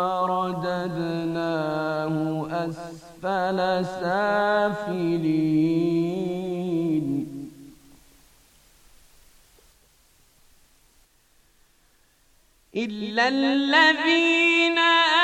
رددناه أسفل سافلين إلا الذين آمنوا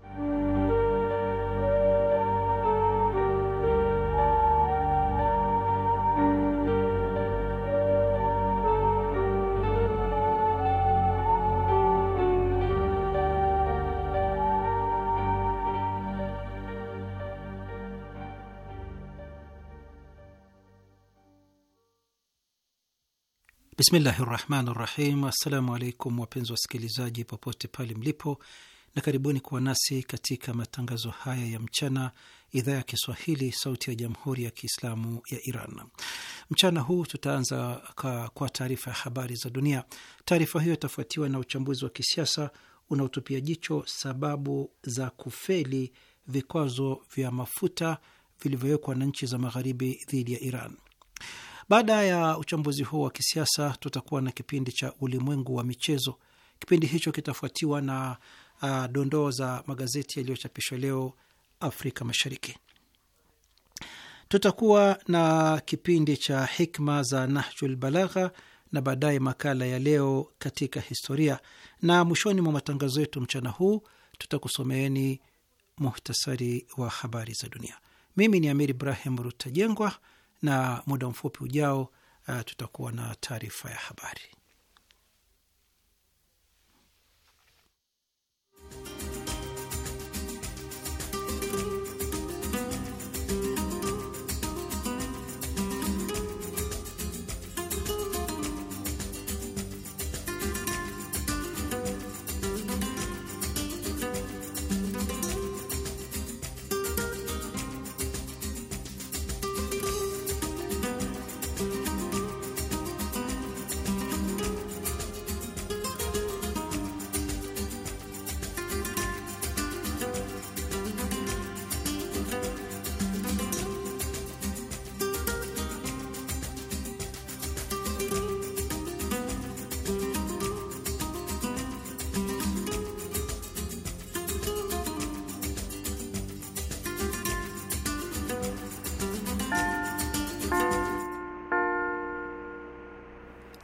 Bismillahi rahmani rahim. Assalamu alaikum wapenzi wasikilizaji popote pale mlipo, na karibuni kuwa nasi katika matangazo haya ya mchana, idhaa ya Kiswahili sauti ya jamhuri ya Kiislamu ya Iran. Mchana huu tutaanza kwa taarifa ya habari za dunia. Taarifa hiyo itafuatiwa na uchambuzi wa kisiasa unaotupia jicho sababu za kufeli vikwazo vya mafuta vilivyowekwa na nchi za magharibi dhidi ya Iran. Baada ya uchambuzi huo wa kisiasa, tutakuwa na kipindi cha ulimwengu wa michezo. Kipindi hicho kitafuatiwa na uh, dondoo za magazeti yaliyochapishwa leo Afrika Mashariki. Tutakuwa na kipindi cha hikma za Nahjul Balagha na baadaye makala ya leo katika historia, na mwishoni mwa matangazo yetu mchana huu tutakusomeeni muhtasari wa habari za dunia. Mimi ni Amir Ibrahim Rutajengwa na muda mfupi ujao uh, tutakuwa na taarifa ya habari.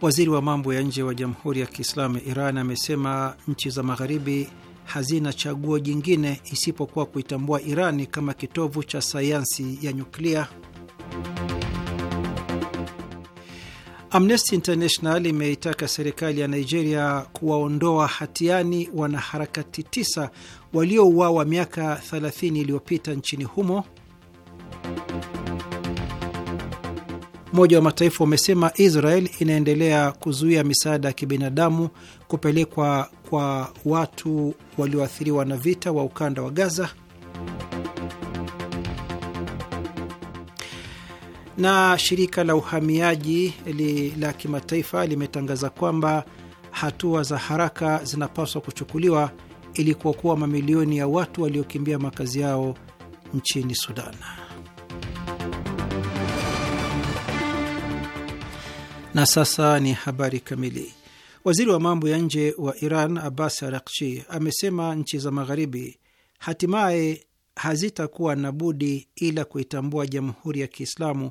Waziri wa mambo ya nje wa Jamhuri ya Kiislamu ya Iran amesema nchi za magharibi hazina chaguo jingine isipokuwa kuitambua Irani kama kitovu cha sayansi ya nyuklia. Amnesty International imeitaka serikali ya Nigeria kuwaondoa hatiani wanaharakati tisa waliouawa miaka 30 iliyopita nchini humo. Umoja wa Mataifa umesema Israel inaendelea kuzuia misaada ya kibinadamu kupelekwa kwa watu walioathiriwa na vita wa ukanda wa Gaza. Na shirika la uhamiaji li, la kimataifa limetangaza kwamba hatua za haraka zinapaswa kuchukuliwa ili kuokoa mamilioni ya watu waliokimbia makazi yao nchini Sudan. Na sasa ni habari kamili. Waziri wa mambo ya nje wa Iran Abbas Araghchi amesema nchi za Magharibi hatimaye hazitakuwa na budi ila kuitambua Jamhuri ya Kiislamu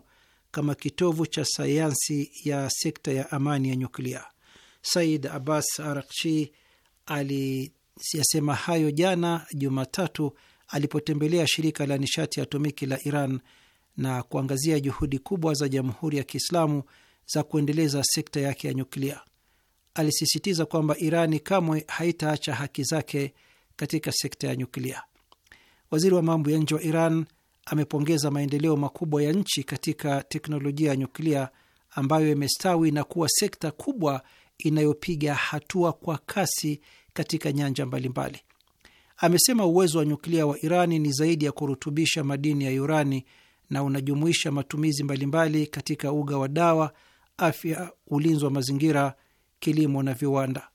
kama kitovu cha sayansi ya sekta ya amani ya nyuklia. Said Abbas Araghchi aliyasema hayo jana Jumatatu alipotembelea shirika la nishati atomiki la Iran na kuangazia juhudi kubwa za Jamhuri ya Kiislamu za kuendeleza sekta yake ya nyuklia. Alisisitiza kwamba Irani kamwe haitaacha haki zake katika sekta ya nyuklia. Waziri wa mambo ya nje wa Iran amepongeza maendeleo makubwa ya nchi katika teknolojia ya nyuklia ambayo imestawi na kuwa sekta kubwa inayopiga hatua kwa kasi katika nyanja mbalimbali. Amesema uwezo wa nyuklia wa Irani ni zaidi ya kurutubisha madini ya urani na unajumuisha matumizi mbalimbali katika uga wa dawa, afya, ulinzi wa mazingira, kilimo na viwanda.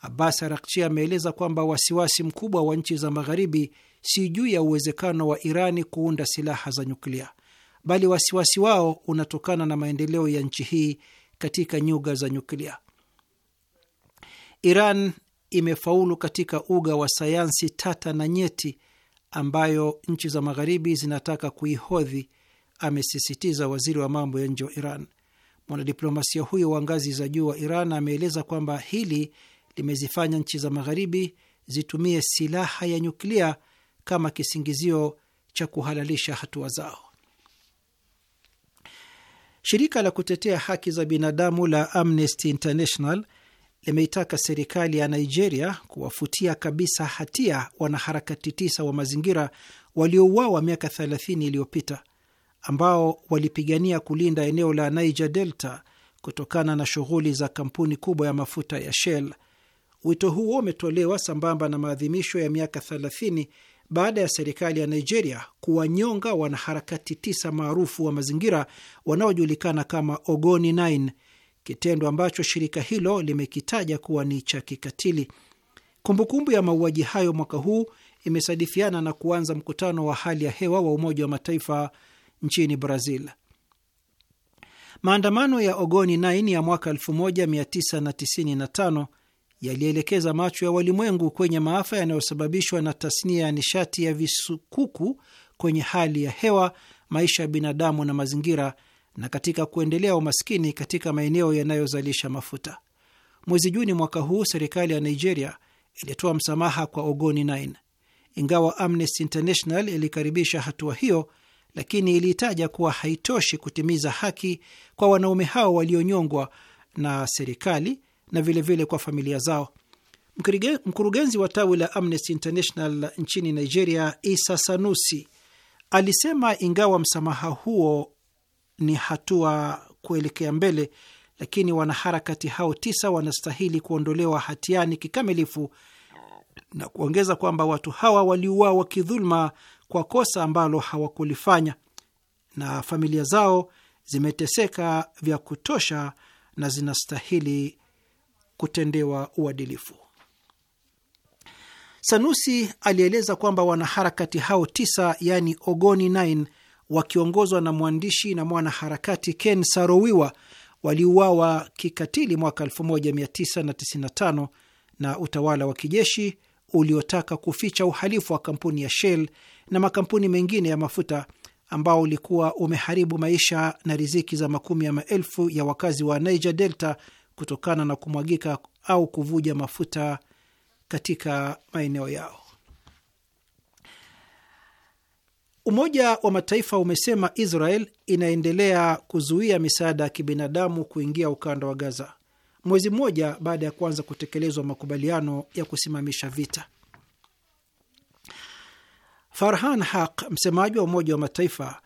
Abbas Arakchi ameeleza kwamba wasiwasi mkubwa wa nchi za magharibi si juu ya uwezekano wa Irani kuunda silaha za nyuklia, bali wasiwasi wao unatokana na maendeleo ya nchi hii katika nyuga za nyuklia. Iran imefaulu katika uga wa sayansi tata na nyeti ambayo nchi za magharibi zinataka kuihodhi, amesisitiza waziri wa mambo ya nje wa Iran. Mwanadiplomasia huyo wa ngazi za juu wa Iran ameeleza kwamba hili limezifanya nchi za Magharibi zitumie silaha ya nyuklia kama kisingizio cha kuhalalisha hatua zao. Shirika la kutetea haki za binadamu la Amnesty International limeitaka serikali ya Nigeria kuwafutia kabisa hatia wanaharakati tisa wa mazingira waliouawa miaka 30 iliyopita ambao walipigania kulinda eneo la Niger Delta kutokana na shughuli za kampuni kubwa ya mafuta ya Shell. Wito huo umetolewa sambamba na maadhimisho ya miaka 30 baada ya serikali ya Nigeria kuwanyonga wanaharakati tisa maarufu wa mazingira wanaojulikana kama Ogoni 9, kitendo ambacho shirika hilo limekitaja kuwa ni cha kikatili. Kumbukumbu ya mauaji hayo mwaka huu imesadifiana na kuanza mkutano wa hali ya hewa wa Umoja wa Mataifa nchini Brazil. Maandamano ya Ogoni 9 ya mwaka 1995 yalielekeza macho ya walimwengu kwenye maafa yanayosababishwa na tasnia ya nishati ya visukuku kwenye hali ya hewa, maisha ya binadamu na mazingira, na katika kuendelea umaskini katika maeneo yanayozalisha mafuta. Mwezi Juni mwaka huu, serikali ya Nigeria ilitoa msamaha kwa Ogoni 9. Ingawa Amnesty International ilikaribisha hatua hiyo, lakini ilitaja kuwa haitoshi kutimiza haki kwa wanaume hao walionyongwa na serikali na vilevile vile kwa familia zao. Mkurugenzi wa tawi la Amnesty International nchini Nigeria, Isa Sanusi, alisema ingawa msamaha huo ni hatua kuelekea mbele, lakini wanaharakati hao tisa wanastahili kuondolewa hatiani kikamilifu na kuongeza kwamba watu hawa waliuawa kidhuluma kwa kosa ambalo hawakulifanya na familia zao zimeteseka vya kutosha na zinastahili kutendewa uadilifu. Sanusi alieleza kwamba wanaharakati hao tisa, yaani Ogoni 9 wakiongozwa na mwandishi na mwanaharakati Ken sarowiwa waliuawa kikatili mwaka 1995 na utawala wa kijeshi uliotaka kuficha uhalifu wa kampuni ya Shell na makampuni mengine ya mafuta ambao ulikuwa umeharibu maisha na riziki za makumi ya maelfu ya wakazi wa Niger Delta kutokana na kumwagika au kuvuja mafuta katika maeneo yao. Umoja wa Mataifa umesema Israel inaendelea kuzuia misaada ya kibinadamu kuingia ukanda wa Gaza mwezi mmoja baada ya kuanza kutekelezwa makubaliano ya kusimamisha vita. Farhan Haq, msemaji wa Umoja wa Mataifa,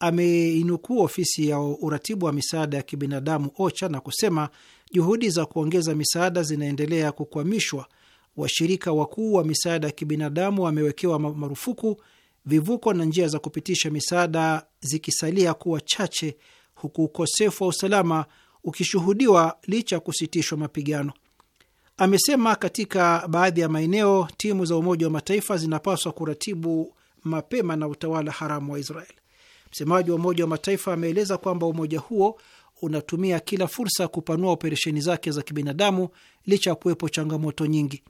ameinukuu ofisi ya uratibu wa misaada ya kibinadamu OCHA na kusema juhudi za kuongeza misaada zinaendelea kukwamishwa. Washirika wakuu wa misaada ya kibinadamu wamewekewa marufuku, vivuko na njia za kupitisha misaada zikisalia kuwa chache, huku ukosefu wa usalama ukishuhudiwa licha ya kusitishwa mapigano. Amesema katika baadhi ya maeneo timu za Umoja wa Mataifa zinapaswa kuratibu mapema na utawala haramu wa Israel. Msemaji wa Umoja wa Mataifa ameeleza kwamba umoja huo unatumia kila fursa kupanua operesheni zake za kibinadamu licha ya kuwepo changamoto nyingi.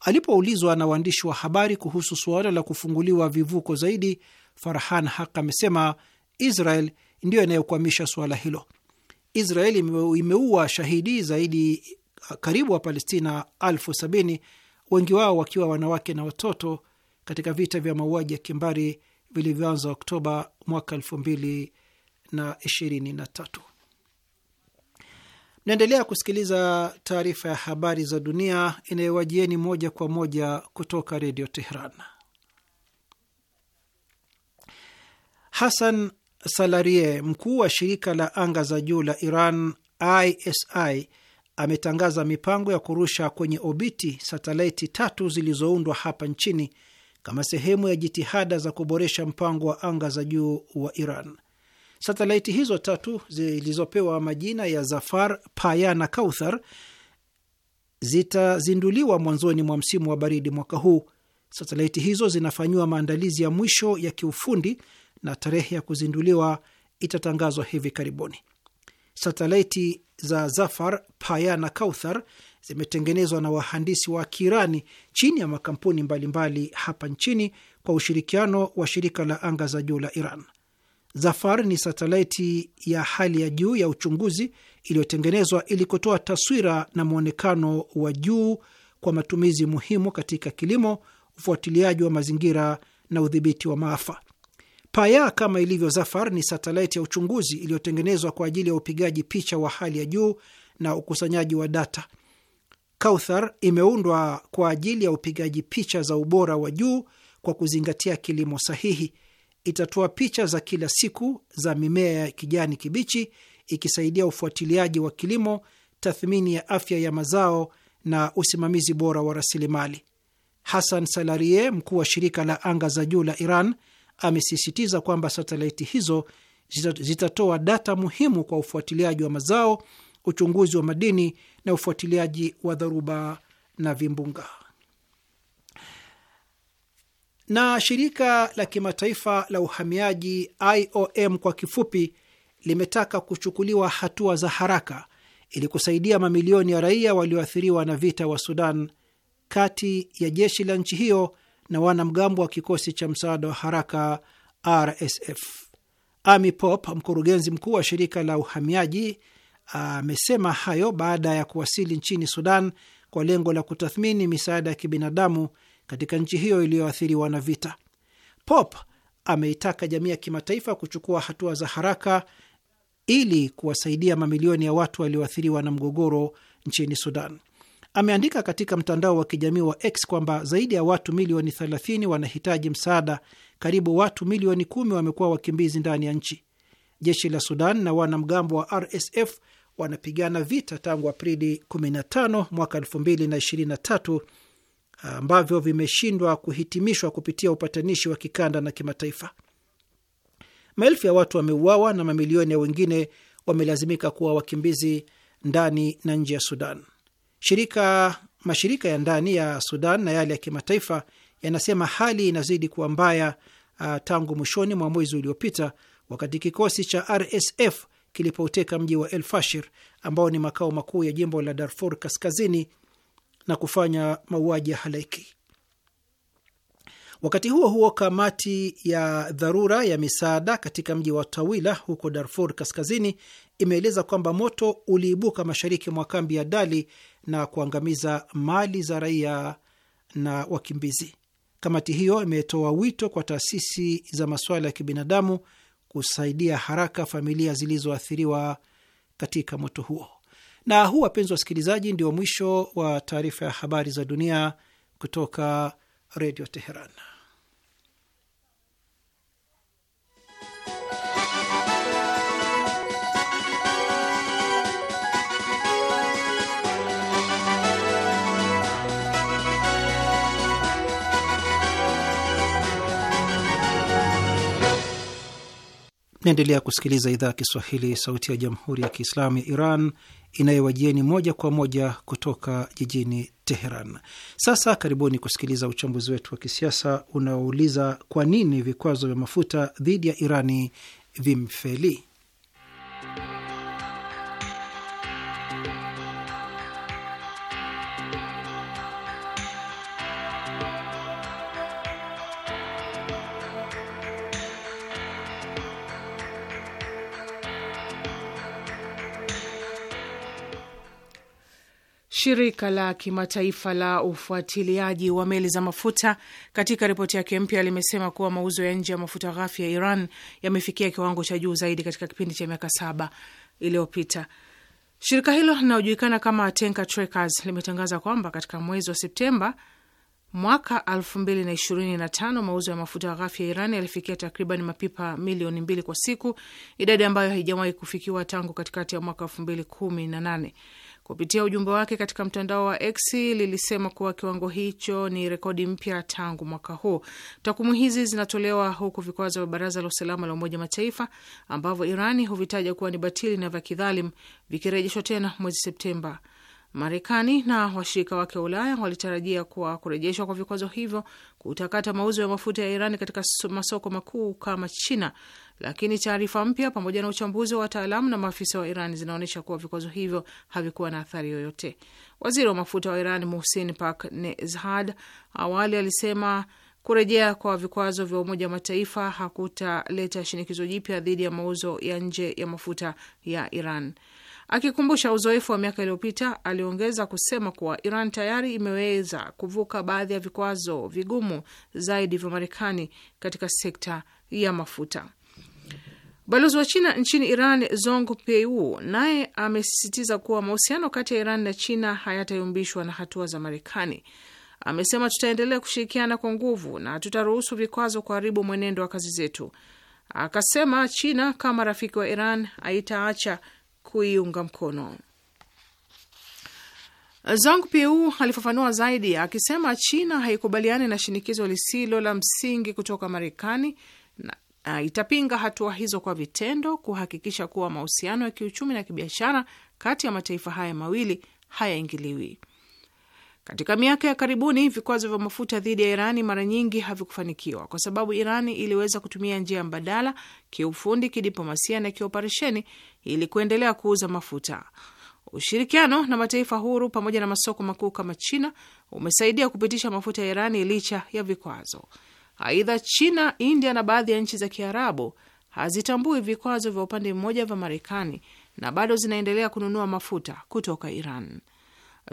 Alipoulizwa na waandishi wa habari kuhusu suala la kufunguliwa vivuko zaidi, Farhan Haq amesema Israel ndiyo inayokwamisha suala hilo. Israeli imeua shahidi zaidi karibu wa Palestina elfu sabini, wengi wao wakiwa wanawake na watoto katika vita vya mauaji ya kimbari vilivyoanza Oktoba mwaka elfu mbili na ishirini na tatu. Naendelea kusikiliza taarifa ya habari za dunia inayowajieni moja kwa moja kutoka redio Tehran. Hassan Salarie, mkuu wa shirika la anga za juu la Iran ISI, ametangaza mipango ya kurusha kwenye obiti satelaiti tatu zilizoundwa hapa nchini kama sehemu ya jitihada za kuboresha mpango wa anga za juu wa Iran. Satelaiti hizo tatu zilizopewa majina ya Zafar, Paya na Kauthar zitazinduliwa mwanzoni mwa msimu wa baridi mwaka huu. Satelaiti hizo zinafanyiwa maandalizi ya mwisho ya kiufundi na tarehe ya kuzinduliwa itatangazwa hivi karibuni. Satelaiti za Zafar, Paya na Kauthar zimetengenezwa na wahandisi wa Kirani chini ya makampuni mbalimbali mbali hapa nchini kwa ushirikiano wa shirika la anga za juu la Iran. Zafar ni satelaiti ya hali ya juu ya uchunguzi iliyotengenezwa ili kutoa taswira na mwonekano wa juu kwa matumizi muhimu katika kilimo, ufuatiliaji wa mazingira na udhibiti wa maafa. Paya kama ilivyo Zafar ni satelaiti ya uchunguzi iliyotengenezwa kwa ajili ya upigaji picha wa hali ya juu na ukusanyaji wa data. Kauthar imeundwa kwa ajili ya upigaji picha za ubora wa juu kwa kuzingatia kilimo sahihi. Itatoa picha za kila siku za mimea ya kijani kibichi, ikisaidia ufuatiliaji wa kilimo, tathmini ya afya ya mazao na usimamizi bora wa rasilimali. Hassan Salarie, mkuu wa shirika la anga za juu la Iran, amesisitiza kwamba satelaiti hizo zitatoa data muhimu kwa ufuatiliaji wa mazao, uchunguzi wa madini na ufuatiliaji wa dharuba na vimbunga. Na shirika la kimataifa la uhamiaji IOM kwa kifupi limetaka kuchukuliwa hatua za haraka ili kusaidia mamilioni ya raia walioathiriwa na vita wa Sudan kati ya jeshi la nchi hiyo na wanamgambo wa kikosi cha msaada wa haraka RSF. Amy Pop, mkurugenzi mkuu wa shirika la uhamiaji, amesema hayo baada ya kuwasili nchini Sudan kwa lengo la kutathmini misaada ya kibinadamu katika nchi hiyo iliyoathiriwa na vita. Pop ameitaka jamii ya kimataifa kuchukua hatua za haraka ili kuwasaidia mamilioni ya watu walioathiriwa na mgogoro nchini Sudan ameandika katika mtandao wa kijamii wa X kwamba zaidi ya watu milioni 30 wanahitaji msaada. Karibu watu milioni 1 wamekuwa wakimbizi ndani ya nchi. Jeshi la Sudan na wanamgambo wa RSF wanapigana vita tangu Aprili 15 mwaka 2023 ambavyo vimeshindwa kuhitimishwa kupitia upatanishi wa kikanda na kimataifa. Maelfu ya watu wameuawa na mamilioni ya wengine wamelazimika kuwa wakimbizi ndani na nje ya Sudan. Shirika, mashirika ya ndani ya Sudan na yale ya kimataifa yanasema hali inazidi kuwa mbaya uh, tangu mwishoni mwa mwezi uliopita wakati kikosi cha RSF kilipoteka mji wa El Fashir ambao ni makao makuu ya jimbo la Darfur Kaskazini na kufanya mauaji ya halaiki. Wakati huo huo, kamati ya dharura ya misaada katika mji wa Tawila huko Darfur Kaskazini imeeleza kwamba moto uliibuka mashariki mwa kambi ya Dali na kuangamiza mali za raia na wakimbizi. Kamati hiyo imetoa wito kwa taasisi za masuala ya kibinadamu kusaidia haraka familia zilizoathiriwa katika moto huo. Na huu, wapenzi wasikilizaji, ndio mwisho wa taarifa ya habari za dunia kutoka Redio Teheran. Naendelea kusikiliza idhaa ya Kiswahili, sauti ya jamhuri ya kiislamu ya Iran inayowajieni moja kwa moja kutoka jijini Teheran. Sasa karibuni kusikiliza uchambuzi wetu wa kisiasa unaouliza kwa nini vikwazo vya mafuta dhidi ya Irani vimfeli. Shirika la kimataifa la ufuatiliaji wa meli za mafuta katika ripoti yake mpya limesema kuwa mauzo ya nje ya mafuta ghafi ya Iran yamefikia kiwango cha juu zaidi katika kipindi cha miaka saba iliyopita. Shirika hilo linalojulikana kama Tanker Trackers limetangaza kwamba katika mwezi wa Septemba mwaka 2025 mauzo ya mafuta ghafi ya Iran yalifikia takriban mapipa milioni mbili kwa siku, idadi ambayo haijawahi kufikiwa tangu katikati ya mwaka 2018 kupitia ujumbe wake katika mtandao wa X lilisema kuwa kiwango hicho ni rekodi mpya tangu mwaka huu. Takwimu hizi zinatolewa huku vikwazo vya Baraza la Usalama la Umoja Mataifa ambavyo Irani huvitaja kuwa ni batili na vya kidhalim vikirejeshwa tena mwezi Septemba Marekani na washirika wake wa Ulaya walitarajia kuwa kurejeshwa kwa vikwazo hivyo kutakata mauzo ya mafuta ya Iran katika masoko makuu kama China, lakini taarifa mpya pamoja na uchambuzi wa wataalamu na maafisa wa Iran zinaonyesha kuwa vikwazo hivyo havikuwa na athari yoyote. Waziri wa mafuta wa Iran Muhsin nezhad awali alisema kurejea kwa vikwazo vya Umoja wa Mataifa hakutaleta shinikizo jipya dhidi ya mauzo ya nje ya mafuta ya Iran. Akikumbusha uzoefu wa miaka iliyopita, aliongeza kusema kuwa Iran tayari imeweza kuvuka baadhi ya vikwazo vigumu zaidi vya Marekani katika sekta ya mafuta. Balozi wa China nchini Iran Zong Peiwu naye amesisitiza kuwa mahusiano kati ya Iran na China hayatayumbishwa na hatua za Marekani. Amesema tutaendelea kushirikiana kwa nguvu na tutaruhusu vikwazo kuharibu mwenendo wa kazi zetu. Akasema China kama rafiki wa Iran haitaacha kuiunga mkono. Zhang Piu alifafanua zaidi akisema China haikubaliani na shinikizo lisilo la msingi kutoka Marekani na uh, itapinga hatua hizo kwa vitendo kuhakikisha kuwa mahusiano ya kiuchumi na kibiashara kati ya mataifa haya mawili hayaingiliwi. Katika miaka ya karibuni vikwazo vya mafuta dhidi ya Irani mara nyingi havikufanikiwa kwa sababu Irani iliweza kutumia njia mbadala kiufundi, kidiplomasia na kioperesheni ili kuendelea kuuza mafuta. Ushirikiano na mataifa huru pamoja na masoko makuu kama China umesaidia kupitisha mafuta ya Irani licha ya vikwazo. Aidha, China, India na baadhi ya nchi za Kiarabu hazitambui vikwazo vya upande mmoja vya Marekani na bado zinaendelea kununua mafuta kutoka Iran.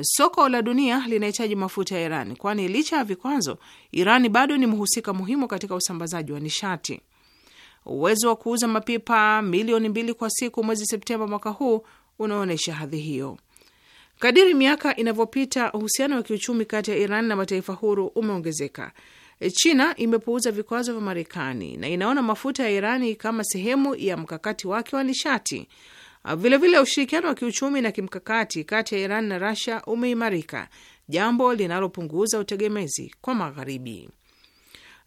Soko la dunia linahitaji mafuta ya Iran, kwani licha ya vikwazo, Iran bado ni mhusika muhimu katika usambazaji wa nishati. Uwezo wa kuuza mapipa milioni mbili kwa siku mwezi Septemba mwaka huu unaonyesha hadhi hiyo. Kadiri miaka inavyopita, uhusiano wa kiuchumi kati ya Iran na mataifa huru umeongezeka. China imepuuza vikwazo vya Marekani na inaona mafuta ya Irani kama sehemu ya mkakati wake wa nishati Vilevile, ah, ushirikiano wa kiuchumi na kimkakati kati ya Iran na rasia umeimarika, jambo linalopunguza utegemezi kwa magharibi.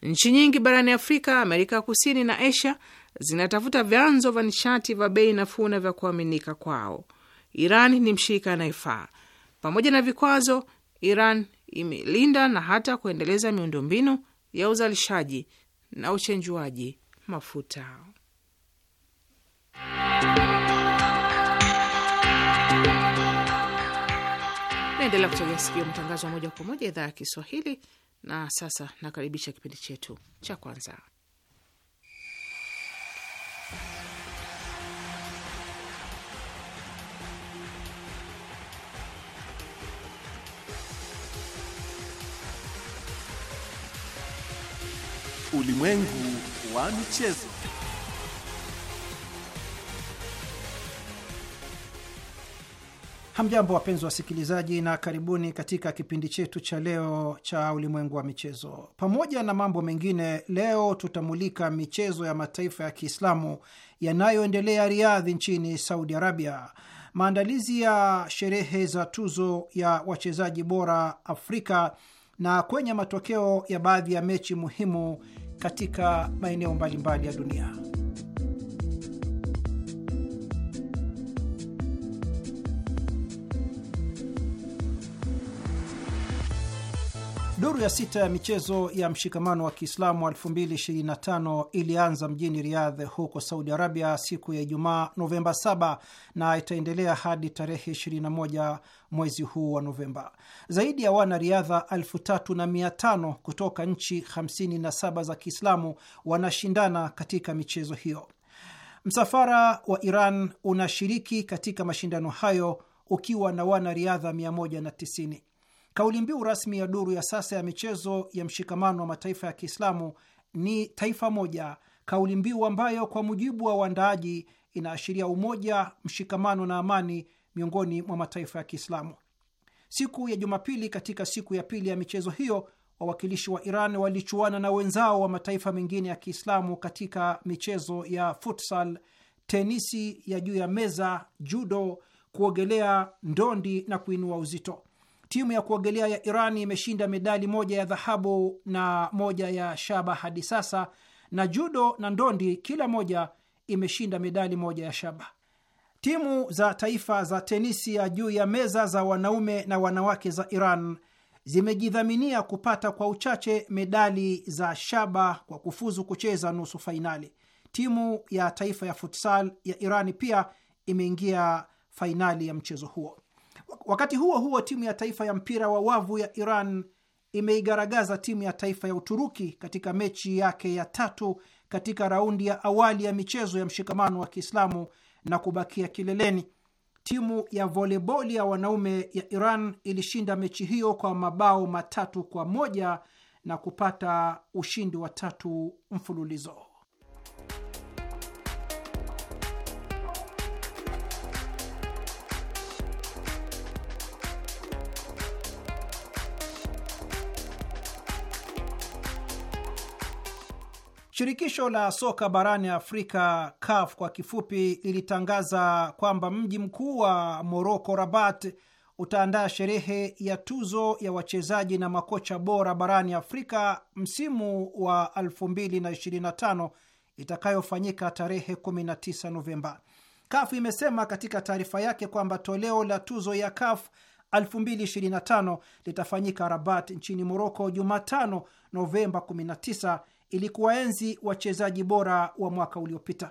Nchi nyingi barani Afrika, Amerika ya Kusini na Asia zinatafuta vyanzo vya nishati vya bei nafuu na vya kuaminika kwao. Iran ni mshirika anayefaa. Pamoja na vikwazo, Iran imelinda na hata kuendeleza miundombinu ya uzalishaji na uchenjuaji mafuta. Naendelea kutegea sikio matangazo ya moja kwa moja idhaa ya Kiswahili. Na sasa nakaribisha kipindi chetu cha kwanza, ulimwengu wa michezo. Hamjambo, wapenzi wasikilizaji, na karibuni katika kipindi chetu cha leo cha ulimwengu wa michezo. Pamoja na mambo mengine, leo tutamulika michezo ya mataifa ya Kiislamu yanayoendelea Riadhi nchini Saudi Arabia, maandalizi ya sherehe za tuzo ya wachezaji bora Afrika na kwenye matokeo ya baadhi ya mechi muhimu katika maeneo mbalimbali ya dunia. Duru ya sita ya michezo ya mshikamano wa Kiislamu 2025 ilianza mjini Riyadh huko Saudi Arabia siku ya Ijumaa Novemba 7 na itaendelea hadi tarehe 21 mwezi huu wa Novemba. Zaidi ya wanariadha 3500 kutoka nchi 57 za Kiislamu wanashindana katika michezo hiyo. Msafara wa Iran unashiriki katika mashindano hayo ukiwa na wanariadha 190. Kauli mbiu rasmi ya duru ya sasa ya michezo ya mshikamano wa mataifa ya Kiislamu ni taifa moja, kauli mbiu ambayo kwa mujibu wa uandaaji inaashiria umoja, mshikamano na amani miongoni mwa mataifa ya Kiislamu. Siku ya Jumapili, katika siku ya pili ya michezo hiyo, wawakilishi wa Iran walichuana na wenzao wa mataifa mengine ya Kiislamu katika michezo ya futsal, tenisi ya juu ya meza, judo, kuogelea, ndondi na kuinua uzito. Timu ya kuogelea ya Iran imeshinda medali moja ya dhahabu na moja ya shaba hadi sasa, na judo na ndondi kila moja imeshinda medali moja ya shaba. Timu za taifa za tenisi ya juu ya meza za wanaume na wanawake za Iran zimejidhaminia kupata kwa uchache medali za shaba kwa kufuzu kucheza nusu fainali. Timu ya taifa ya futsal ya iran pia imeingia fainali ya mchezo huo. Wakati huo huo, timu ya taifa ya mpira wa wavu ya Iran imeigaragaza timu ya taifa ya Uturuki katika mechi yake ya tatu katika raundi ya awali ya michezo ya mshikamano wa Kiislamu na kubakia kileleni. Timu ya voleboli ya wanaume ya Iran ilishinda mechi hiyo kwa mabao matatu kwa moja na kupata ushindi wa tatu mfululizo. Shirikisho la soka barani Afrika, CAF kwa kifupi, lilitangaza kwamba mji mkuu wa Moroko, Rabat, utaandaa sherehe ya tuzo ya wachezaji na makocha bora barani Afrika msimu wa 2025 itakayofanyika tarehe 19 Novemba. CAF imesema katika taarifa yake kwamba toleo la tuzo ya CAF 2025 litafanyika Rabat nchini Moroko Jumatano, Novemba 19 ili kuwaenzi wachezaji bora wa mwaka uliopita.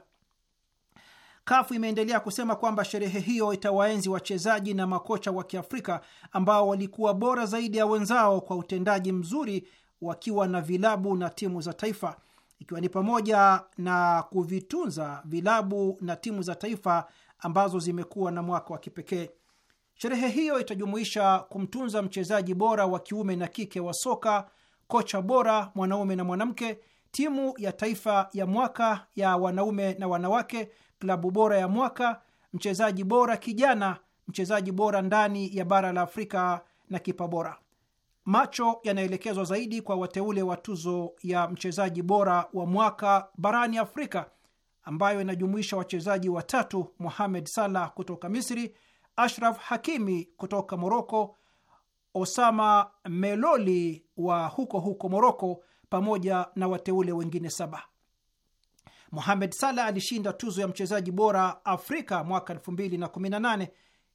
Kafu imeendelea kusema kwamba sherehe hiyo itawaenzi wachezaji na makocha wa Kiafrika ambao walikuwa bora zaidi ya wenzao kwa utendaji mzuri wakiwa na vilabu na timu za taifa, ikiwa ni pamoja na kuvitunza vilabu na timu za taifa ambazo zimekuwa na mwaka wa kipekee. Sherehe hiyo itajumuisha kumtunza mchezaji bora wa kiume na kike wa soka kocha bora mwanaume na mwanamke, timu ya taifa ya mwaka ya wanaume na wanawake, klabu bora ya mwaka, mchezaji bora kijana, mchezaji bora ndani ya bara la Afrika na kipa bora. Macho yanaelekezwa zaidi kwa wateule wa tuzo ya mchezaji bora wa mwaka barani Afrika ambayo inajumuisha wachezaji watatu: Mohamed Salah kutoka Misri, Ashraf Hakimi kutoka Moroko Osama Meloli wa huko huko Moroko pamoja na wateule wengine saba. Mohamed Salah alishinda tuzo ya mchezaji bora Afrika mwaka 2018.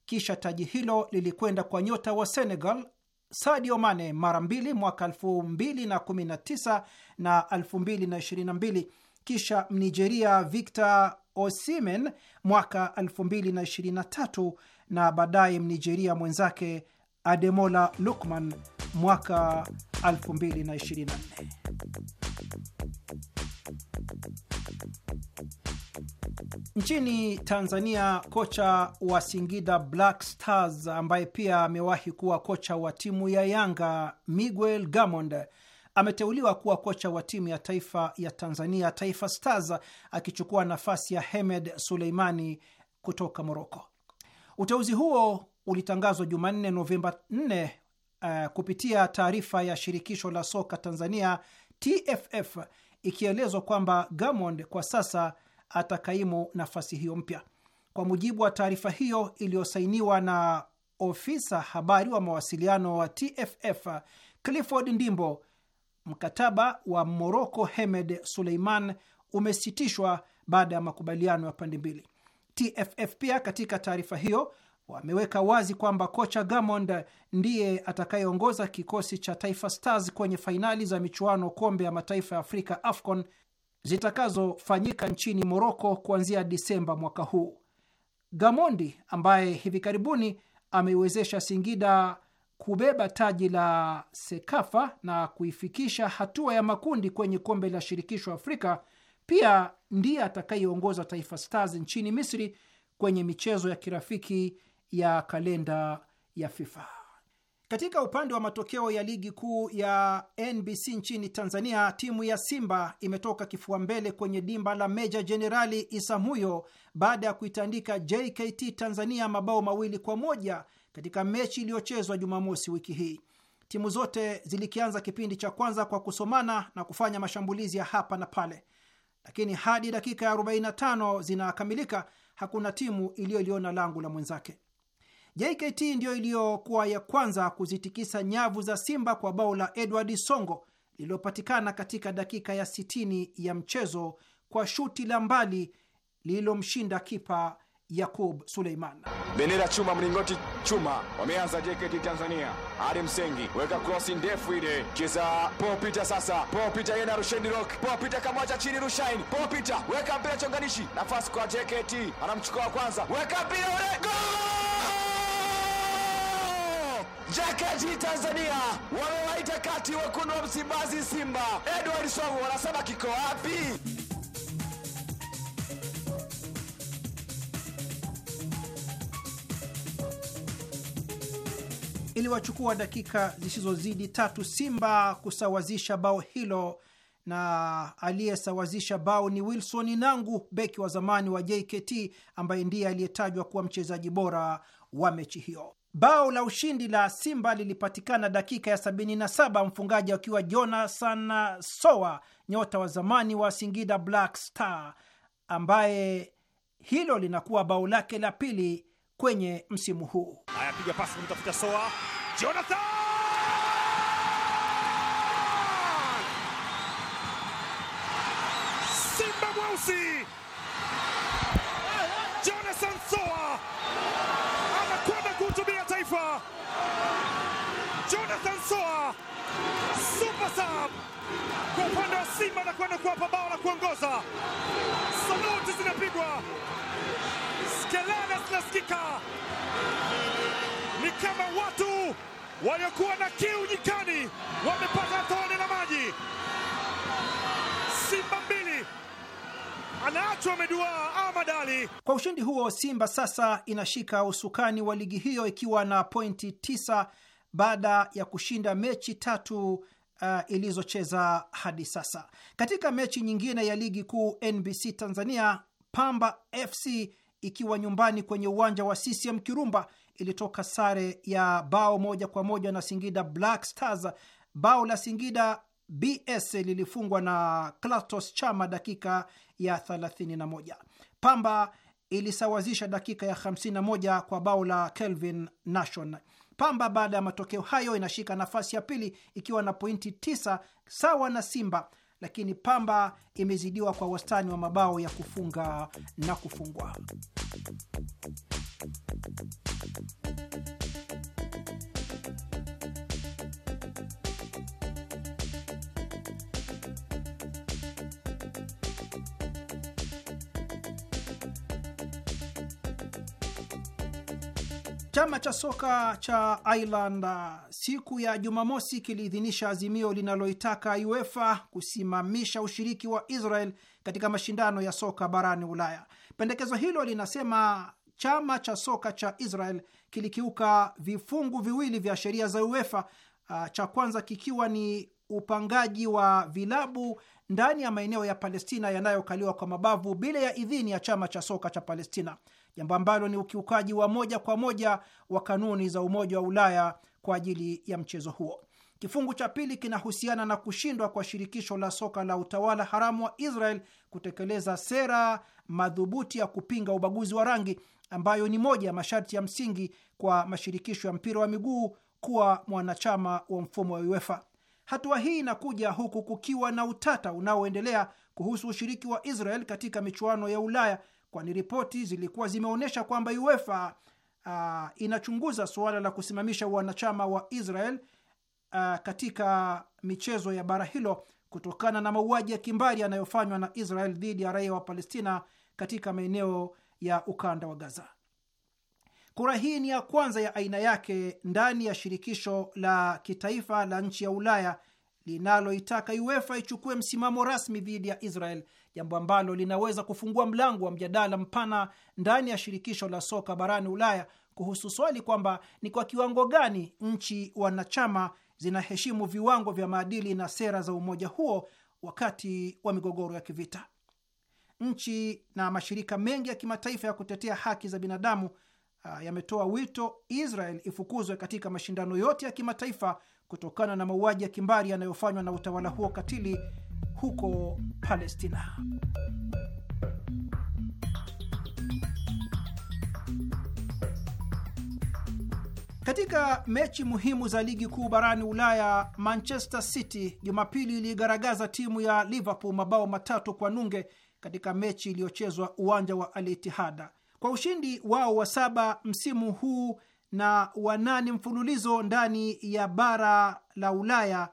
Kisha taji hilo lilikwenda kwa nyota wa Senegal Sadio Mane mara mbili mwaka 2019 na 2022, kisha Mnigeria Victor Osimen mwaka 2023 na baadaye Mnigeria mwenzake Ademola Lukman mwaka 2024. Nchini Tanzania, kocha wa Singida Black Stars ambaye pia amewahi kuwa kocha wa timu ya Yanga, Miguel Gamond ameteuliwa kuwa kocha wa timu ya taifa ya Tanzania, Taifa Stars, akichukua nafasi ya Hemed Suleimani kutoka Moroko. Uteuzi huo ulitangazwa Jumanne Novemba 4 uh, kupitia taarifa ya shirikisho la soka Tanzania TFF ikielezwa kwamba Gamond kwa sasa atakaimu nafasi hiyo mpya. Kwa mujibu wa taarifa hiyo iliyosainiwa na ofisa habari wa mawasiliano wa TFF Clifford Ndimbo, mkataba wa Moroko Hemed Suleiman umesitishwa baada ya makubaliano ya pande mbili. TFF pia katika taarifa hiyo wameweka wazi kwamba kocha Gamond ndiye atakayeongoza kikosi cha Taifa Stars kwenye fainali za michuano kombe ya mataifa ya Afrika AFCON zitakazofanyika nchini Moroko kuanzia Disemba mwaka huu. Gamondi ambaye hivi karibuni ameiwezesha Singida kubeba taji la Sekafa na kuifikisha hatua ya makundi kwenye kombe la shirikisho Afrika, pia ndiye atakayeongoza Taifa Stars nchini Misri kwenye michezo ya kirafiki ya kalenda ya FIFA. Katika upande wa matokeo ya ligi kuu ya NBC nchini Tanzania, timu ya Simba imetoka kifua mbele kwenye dimba la Meja Jenerali Isamuyo baada ya kuitandika JKT Tanzania mabao mawili kwa moja katika mechi iliyochezwa Jumamosi wiki hii. Timu zote zilikianza kipindi cha kwanza kwa kusomana na kufanya mashambulizi ya hapa na pale, lakini hadi dakika ya 45 zinakamilika hakuna timu iliyoliona langu la mwenzake. JKT ndiyo iliyokuwa ya kwanza kuzitikisa nyavu za Simba kwa bao la Edward Songo lililopatikana katika dakika ya 60 ya mchezo kwa shuti la mbali lililomshinda kipa Yakub Suleiman. Bendera chuma, mlingoti chuma, wameanza JKT Tanzania. Ali Msengi weka krosi ndefu ile, cheza popita sasa, popita yena Rushaini Rock, popita kamwacha chini, rushain, popita, weka mpira chonganishi, nafasi kwa JKT, anamchukua wa kwanza, weka mpira ule, gol! Jaketi Tanzania wamewaita kati wekundu wa Msimbazi Simba, Edward Songo wanasema kiko wapi? Iliwachukua dakika zisizozidi tatu Simba kusawazisha bao hilo, na aliyesawazisha bao ni Wilson Nangu, beki wa zamani wa JKT ambaye ndiye aliyetajwa kuwa mchezaji bora wa mechi hiyo. Bao la ushindi la Simba lilipatikana dakika ya 77 mfungaji akiwa Jonathan Sowa, nyota wa zamani wa Singida Black Star, ambaye hilo linakuwa bao lake la pili kwenye msimu huu. Ayapiga pasi kumtafuta Soa, Jonathan Simba mweusi tansoa super sub kwa upande wa Simba na kwenda kuwapa bao la kuongoza. Saluti zinapigwa, skelele zinasikika, ni kama watu waliokuwa na kiu nyikani wamepata tone la maji. Simba mbili anaachwa amedua amadali Kwa ushindi huo, Simba sasa inashika usukani wa ligi hiyo ikiwa na pointi tisa baada ya kushinda mechi tatu uh, ilizocheza hadi sasa. Katika mechi nyingine ya ligi kuu NBC Tanzania, Pamba FC ikiwa nyumbani kwenye uwanja wa CCM Kirumba ilitoka sare ya bao moja kwa moja na Singida Black Stars. Bao la Singida BS lilifungwa na Clastos Chama dakika ya 31. Pamba ilisawazisha dakika ya 51 kwa bao la Kelvin Nation. Pamba baada ya matokeo hayo inashika nafasi ya pili ikiwa na pointi tisa sawa na Simba, lakini Pamba imezidiwa kwa wastani wa mabao ya kufunga na kufungwa. Chama cha soka cha Ireland siku ya Jumamosi kiliidhinisha azimio linaloitaka UEFA kusimamisha ushiriki wa Israel katika mashindano ya soka barani Ulaya. Pendekezo hilo linasema chama cha soka cha Israel kilikiuka vifungu viwili vya sheria za UEFA, cha kwanza kikiwa ni upangaji wa vilabu ndani ya maeneo ya Palestina yanayokaliwa kwa mabavu bila ya idhini ya chama cha soka cha Palestina jambo ambalo ni ukiukaji wa moja kwa moja wa kanuni za Umoja wa Ulaya kwa ajili ya mchezo huo. Kifungu cha pili kinahusiana na kushindwa kwa shirikisho la soka la utawala haramu wa Israel kutekeleza sera madhubuti ya kupinga ubaguzi wa rangi ambayo ni moja ya masharti ya msingi kwa mashirikisho ya mpira wa miguu kuwa mwanachama wa mfumo wa UEFA. Hatua hii inakuja huku kukiwa na utata unaoendelea kuhusu ushiriki wa Israel katika michuano ya Ulaya kwani ripoti zilikuwa zimeonyesha kwamba UEFA uh, inachunguza suala la kusimamisha wanachama wa Israel uh, katika michezo ya bara hilo kutokana na mauaji ya kimbari yanayofanywa na Israel dhidi ya raia wa Palestina katika maeneo ya ukanda wa Gaza. Kura hii ni ya kwanza ya aina yake ndani ya shirikisho la kitaifa la nchi ya Ulaya linaloitaka UEFA ichukue msimamo rasmi dhidi ya Israel jambo ambalo linaweza kufungua mlango wa mjadala mpana ndani ya shirikisho la soka barani Ulaya kuhusu swali kwamba ni kwa kiwango gani nchi wanachama zinaheshimu viwango vya maadili na sera za umoja huo wakati wa migogoro ya kivita. Nchi na mashirika mengi ya kimataifa ya kutetea haki za binadamu ah, yametoa wito Israel ifukuzwe katika mashindano yote ya kimataifa kutokana na mauaji ya kimbari yanayofanywa na utawala huo katili huko Palestina. Katika mechi muhimu za ligi kuu barani Ulaya, Manchester City Jumapili iliigaragaza timu ya Liverpool mabao matatu kwa nunge katika mechi iliyochezwa uwanja wa alitihada Kwa ushindi wao wa saba msimu huu na wa nane mfululizo ndani ya bara la Ulaya,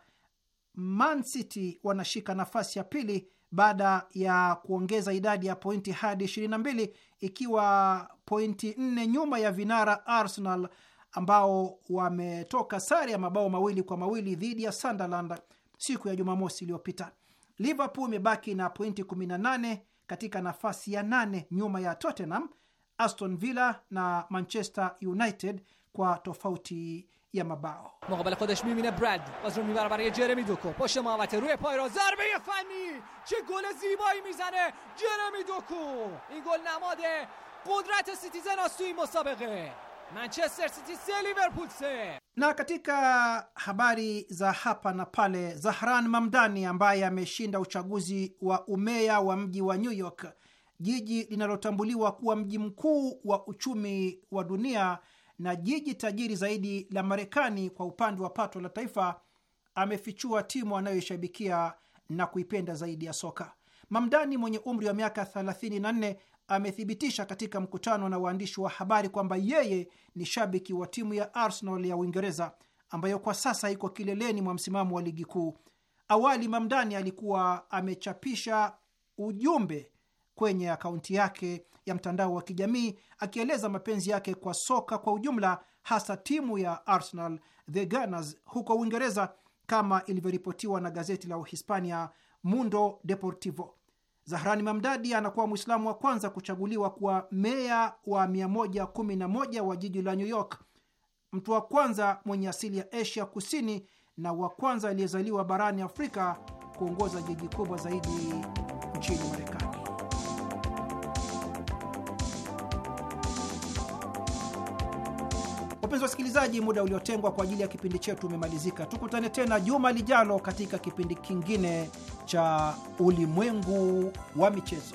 Man City wanashika nafasi ya pili baada ya kuongeza idadi ya pointi hadi 22 ikiwa pointi nne nyuma ya vinara Arsenal ambao wametoka sare ya mabao mawili kwa mawili dhidi ya Sunderland siku ya Jumamosi iliyopita. Liverpool imebaki na pointi 18 katika nafasi ya nane nyuma ya Tottenham, Aston Villa na Manchester United kwa tofauti ya mabao. مقابل خودش میبینه برد باز رو میبره برای جرمی دوکو پشت محوطه روی پای را ضربه فنی چه گل زیبایی میزنه جرمی دوکو این گل نماد قدرت سیتیزن است توی مسابقه Manchester City سه لیورپول سه. Na katika habari za hapa na pale, Zahran Mamdani ambaye ameshinda uchaguzi wa umeya wa mji wa New York, jiji linalotambuliwa kuwa mji mkuu wa uchumi wa dunia na jiji tajiri zaidi la Marekani kwa upande wa pato la taifa, amefichua timu anayoishabikia na kuipenda zaidi ya soka. Mamdani mwenye umri wa miaka 34 amethibitisha katika mkutano na waandishi wa habari kwamba yeye ni shabiki wa timu ya Arsenal ya Uingereza ambayo kwa sasa iko kileleni mwa msimamo wa ligi kuu. Awali Mamdani alikuwa amechapisha ujumbe kwenye akaunti yake ya mtandao wa kijamii akieleza mapenzi yake kwa soka kwa ujumla, hasa timu ya Arsenal the Gunners huko Uingereza, kama ilivyoripotiwa na gazeti la Uhispania Mundo Deportivo. Zahrani Mamdadi anakuwa Mwislamu wa kwanza kuchaguliwa kuwa meya wa 111 wa jiji la New York, mtu wa kwanza mwenye asili ya Asia Kusini na wa kwanza aliyezaliwa barani Afrika kuongoza jiji kubwa zaidi nchini Marekani. Wapenzi wasikilizaji, muda uliotengwa kwa ajili ya kipindi chetu umemalizika. Tukutane tena juma lijalo katika kipindi kingine cha Ulimwengu wa Michezo.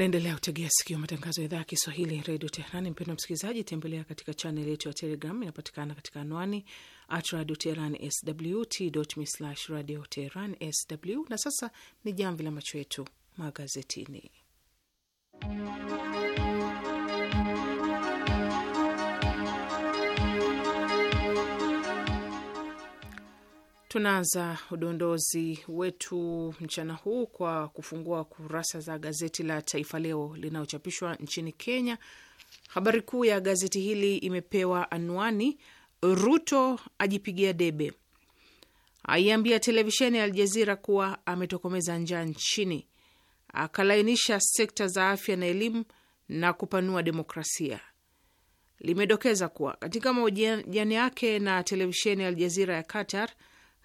Naendelea kutegea sikio matangazo ya idhaa ya Kiswahili redio Teherani. Mpendo msikilizaji, tembelea katika chanel yetu ya Telegram, inapatikana katika anwani at radio teheran sw t.me slash radio teheran sw. Na sasa ni jamvi la macho yetu magazetini Tunaanza udondozi wetu mchana huu kwa kufungua kurasa za gazeti la Taifa Leo linalochapishwa nchini Kenya. Habari kuu ya gazeti hili imepewa anwani Ruto ajipigia debe, aiambia televisheni ya Aljazira kuwa ametokomeza njaa nchini, akalainisha sekta za afya na elimu na kupanua demokrasia. Limedokeza kuwa katika mahojiano yake na televisheni ya Aljazira ya Qatar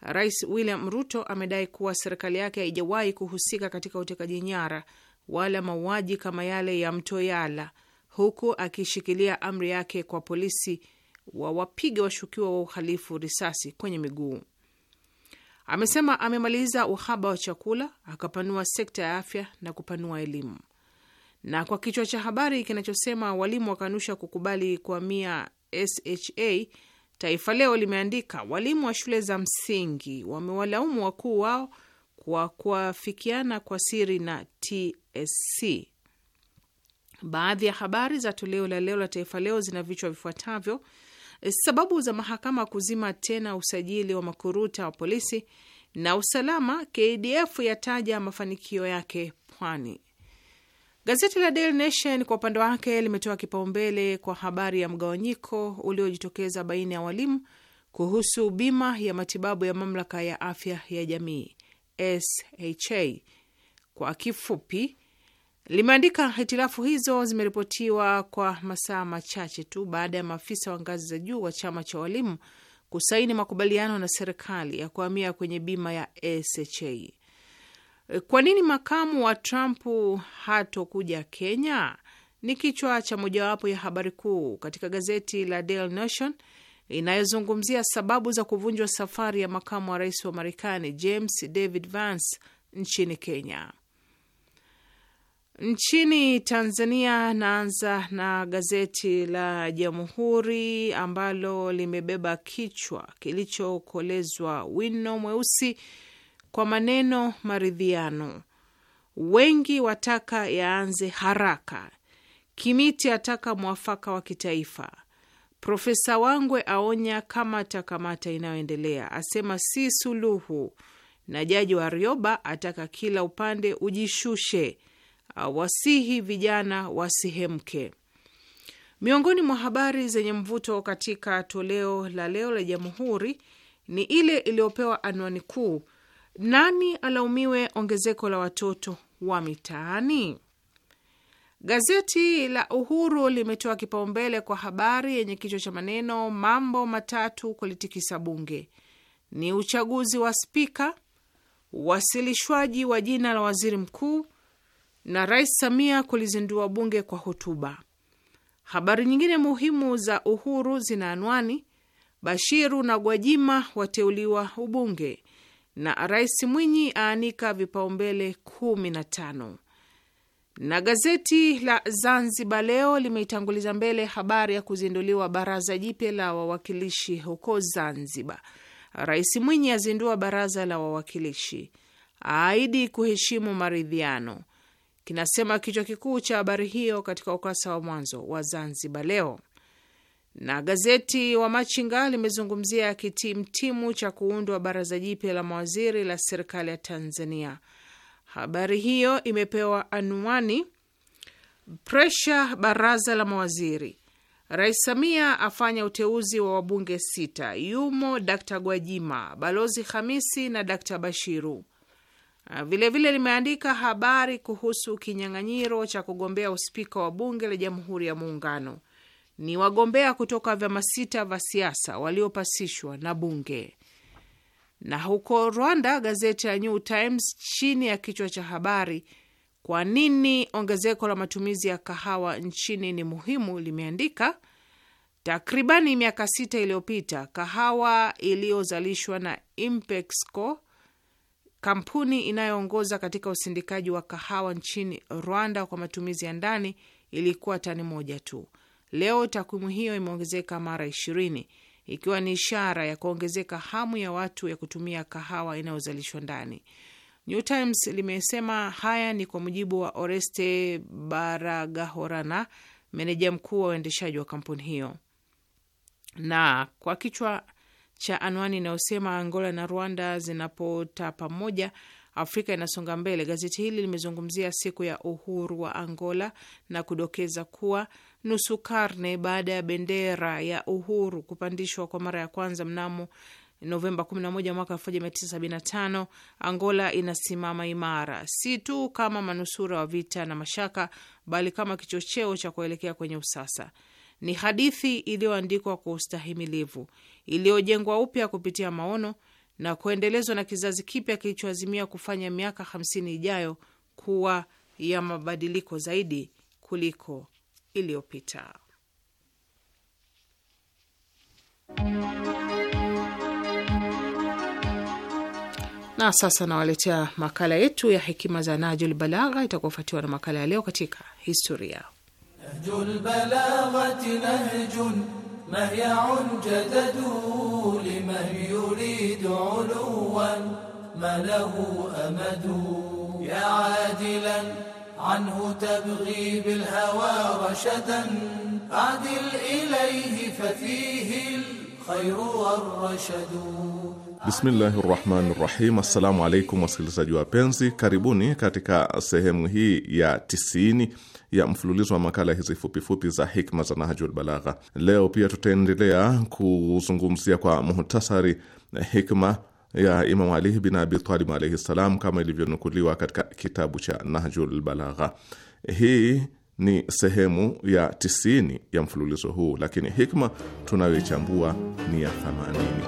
Rais William Ruto amedai kuwa serikali yake haijawahi kuhusika katika utekaji nyara wala mauaji kama yale ya mto yala huku akishikilia amri yake kwa polisi wa wapiga washukiwa wa uhalifu risasi kwenye miguu. Amesema amemaliza uhaba wa chakula, akapanua sekta ya afya na kupanua elimu. Na kwa kichwa cha habari kinachosema walimu wakanusha kukubali kuhamia SHA, Taifa Leo limeandika walimu wa shule za msingi wamewalaumu wakuu wao kwa kuafikiana kwa siri na TSC. Baadhi ya habari za toleo la leo la Taifa Leo zina vichwa vifuatavyo: sababu za mahakama kuzima tena usajili wa makuruta wa polisi na usalama, KDF yataja mafanikio yake pwani. Gazeti la Daily Nation kwa upande wake limetoa kipaumbele kwa habari ya mgawanyiko uliojitokeza baina ya walimu kuhusu bima ya matibabu ya mamlaka ya afya ya jamii SHA kwa kifupi. Limeandika hitilafu hizo zimeripotiwa kwa masaa machache tu baada ya maafisa wa ngazi za juu wa chama cha walimu kusaini makubaliano na serikali ya kuhamia kwenye bima ya SHA. Eh, kwa nini makamu wa Trump hatokuja Kenya? Ni kichwa cha mojawapo ya habari kuu katika gazeti la Daily Nation inayozungumzia sababu za kuvunjwa safari ya makamu wa rais wa Marekani James David Vance nchini Kenya. Nchini Tanzania, naanza na gazeti la Jamhuri ambalo limebeba kichwa kilichokolezwa wino mweusi kwa maneno maridhiano. Wengi wataka yaanze haraka. Kimiti ataka mwafaka wa kitaifa. Profesa Wangwe aonya kamata kamata inayoendelea, asema si suluhu, na Jaji wa rioba ataka kila upande ujishushe, awasihi vijana wasihemke. Miongoni mwa habari zenye mvuto katika toleo la leo la Jamhuri ni ile iliyopewa anwani kuu nani alaumiwe ongezeko la watoto wa mitaani? Gazeti la Uhuru limetoa kipaumbele kwa habari yenye kichwa cha maneno mambo matatu kulitikisa bunge ni uchaguzi wa spika, uwasilishwaji wa jina la waziri mkuu na Rais Samia kulizindua bunge kwa hotuba. Habari nyingine muhimu za Uhuru zina anwani Bashiru na Gwajima wateuliwa ubunge, na Rais Mwinyi aanika vipaumbele kumi na tano. Na gazeti la Zanzibar Leo limeitanguliza mbele habari ya kuzinduliwa baraza jipya la wawakilishi huko Zanzibar. Rais Mwinyi azindua baraza la wawakilishi, aahidi kuheshimu maridhiano, kinasema kichwa kikuu cha habari hiyo katika ukurasa wa mwanzo wa Zanzibar Leo. Na gazeti wa Machinga limezungumzia kitimtimu cha kuundwa baraza jipya la mawaziri la serikali ya Tanzania. Habari hiyo imepewa anwani presha baraza la mawaziri, Rais Samia afanya uteuzi wa wabunge sita, yumo Dkt Gwajima, Balozi Hamisi na Dkt Bashiru. Vilevile ah, limeandika habari kuhusu kinyang'anyiro cha kugombea uspika wa bunge la Jamhuri ya Muungano ni wagombea kutoka vyama sita vya siasa waliopasishwa na bunge. Na huko Rwanda, gazeti la New Times chini ya kichwa cha habari kwa nini ongezeko la matumizi ya kahawa nchini ni muhimu limeandika takribani miaka sita iliyopita kahawa iliyozalishwa na Impexco, kampuni inayoongoza katika usindikaji wa kahawa nchini Rwanda kwa matumizi ya ndani, ilikuwa tani moja tu. Leo takwimu hiyo imeongezeka mara ishirini ikiwa ni ishara ya kuongezeka hamu ya watu ya kutumia kahawa inayozalishwa ndani. New Times limesema haya ni kwa mujibu wa Oreste Baragahorana, meneja mkuu wa uendeshaji wa kampuni hiyo. Na kwa kichwa cha anwani inayosema Angola na Rwanda zinapota pamoja, Afrika inasonga mbele, gazeti hili limezungumzia siku ya uhuru wa Angola na kudokeza kuwa nusu karne baada ya bendera ya uhuru kupandishwa kwa mara ya kwanza mnamo Novemba 11 mwaka 1975, Angola inasimama imara, si tu kama manusura wa vita na mashaka, bali kama kichocheo cha kuelekea kwenye usasa. Ni hadithi iliyoandikwa kwa ustahimilivu, iliyojengwa upya kupitia maono na kuendelezwa na kizazi kipya kilichoazimia kufanya miaka 50 ijayo kuwa ya mabadiliko zaidi kuliko iliyopita. Na sasa nawaletea makala yetu ya hekima za Najul Balagha, itakuafatiwa na makala ya leo katika historia. Nahjul عنه تبغي بالهوى رشدا عدل إليه ففيه الخير والرشد Bismillahi rahmani rahim. Assalamu alaikum wasikilizaji wapenzi, karibuni katika sehemu hii ya tisini ya mfululizo wa makala hizi fupifupi za hikma za Nahjul Balagha. Leo pia tutaendelea kuzungumzia kwa muhtasari hikma ya Imam Ali bin Abi Talib salam kama ilivyonukuliwa katika kitabu cha Nahjul Balagha. Hii ni sehemu ya tisini ya mfululizo huu, lakini hikma tunayoichambua ni ya themanini.